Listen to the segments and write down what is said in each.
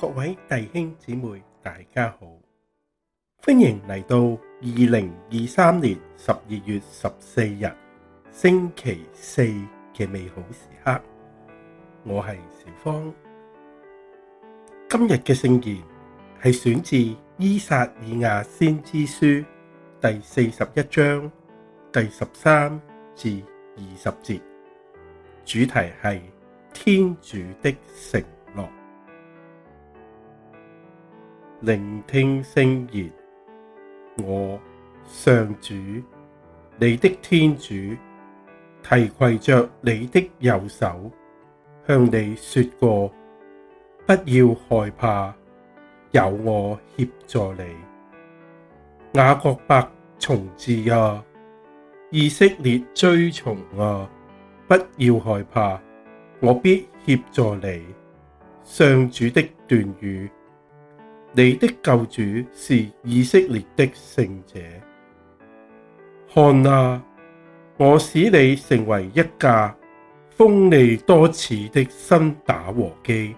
各位弟兄姊妹，大家好，歡迎嚟到二零二三年十二月十四日星期四嘅美好時刻。我係小芳，今日嘅聖言係選自《依撒意亞先知書》第四十一章第十三至二十節，主題係天主的承諾。聆聽聖言，我上主，你的天主，提攜着你的右手，向你說過，不要害怕，有我協助你。雅各伯蟲豸啊，以色列蛆蟲啊，不要害怕，我必協助你。上主的斷語。你的救主是以色列的聖者，看啊！我使你成為一架鋒利多齒的新打禾機，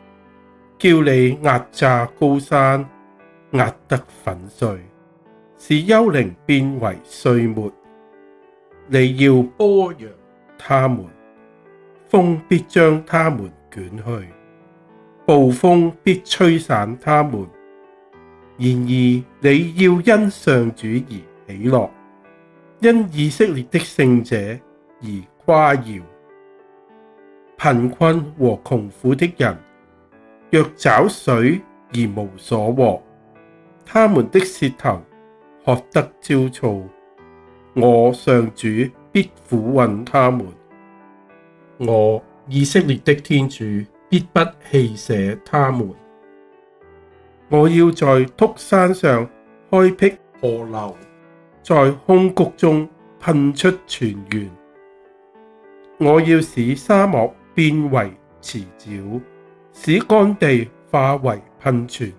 叫你壓榨高山，壓得粉碎，使丘陵變為碎末。你要簸揚他們，風必將他們捲去，暴風必吹散他們。然而你要因上主而喜樂，因以色列的聖者而誇耀。貧困和窮苦的人，若找水而無所獲，他們的舌頭渴得焦燥，我上主必俯允他們，我，以色列的天主必不棄捨他們。我要在禿山上開闢河流，在空谷中噴出泉源。我要使沙漠變為池沼，使乾地化為噴泉。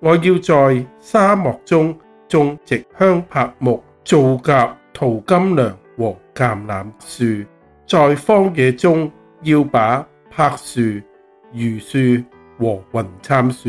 我要在沙漠中種植香柏木、皂莢、桃金娘和橄欖樹，在荒野中要把柏樹、榆樹和雲杉樹。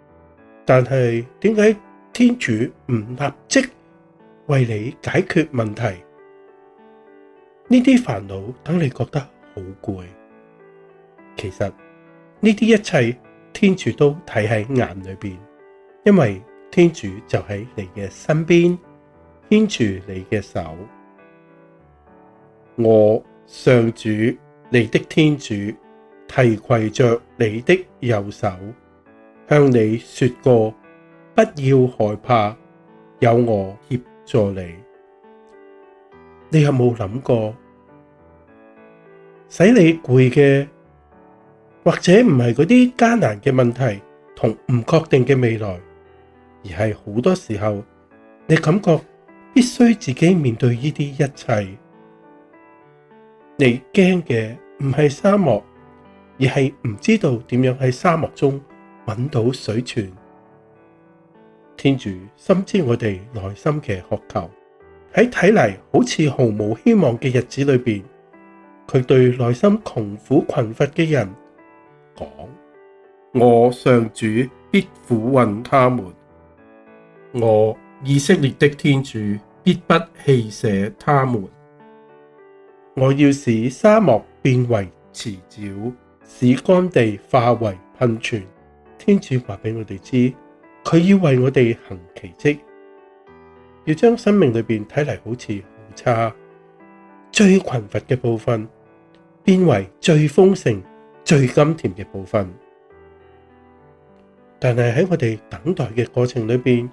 但係點解天主唔立即為你解決問題？呢啲煩惱等你覺得好攰。其實呢啲一切天主都睇喺眼裏邊，因為天主就喺你嘅身邊，牽住你嘅手。我上主，你的天主，提攜着你的右手。向你說過，不要害怕，有我協助你。你有冇諗過，使你攰嘅，或者唔係嗰啲艱難嘅問題同唔確定嘅未來，而係好多時候你感覺必須自己面對呢啲一切。你驚嘅唔係沙漠，而係唔知道點樣喺沙漠中。揾到水泉，天主深知我哋內心嘅渴求。喺睇嚟好似毫無希望嘅日子裏邊，佢對內心窮苦困乏嘅人講：我上主必俯允他們，我以色列的天主必不棄捨他們。我要使沙漠變為池沼，使乾地化為噴泉。天主話俾我哋知，佢要為我哋行奇蹟，要將生命裏邊睇嚟好似好差、最困乏嘅部分，變為最豐盛、最甘甜嘅部分。但係喺我哋等待嘅過程裏邊，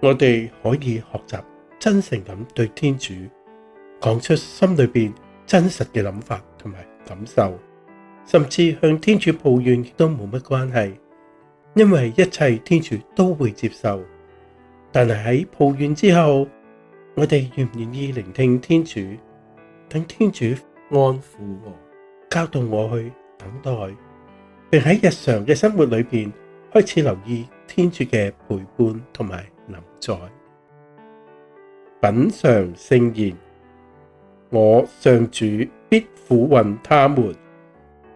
我哋可以學習真誠咁對天主講出心裏邊真實嘅諗法同埋感受。甚至向天主抱怨亦都冇乜關係，因為一切天主都會接受。但係喺抱怨之後，我哋願唔願意聆聽天主，等天主安撫我，教導我去等待，並喺日常嘅生活裏邊開始留意天主嘅陪伴同埋臨在，品嘗聖言，我上主必俯允他們。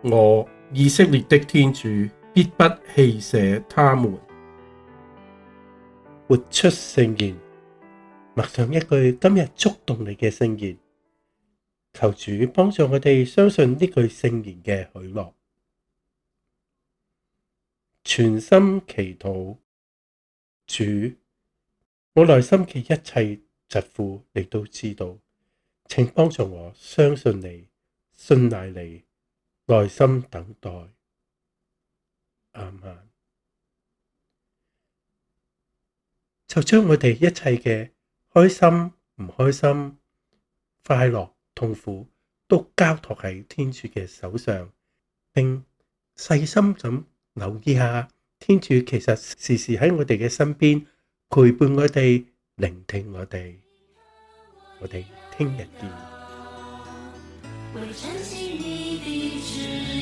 我以色列的天主必不棄捨他們。活出聖言，默想一句今日觸動你嘅聖言，求主幫助我哋相信呢句聖言嘅許諾。全心祈禱，主，我內心嘅一切疾苦你都知道，請幫助我相信你，信賴你。耐心等待，阿們。就將我哋一切嘅開心、唔開心、快樂、痛苦都交託喺天主嘅手上，並細心咁留意下，天主其實時時喺我哋嘅身邊陪伴我哋，聆聽我哋。我哋聽日見。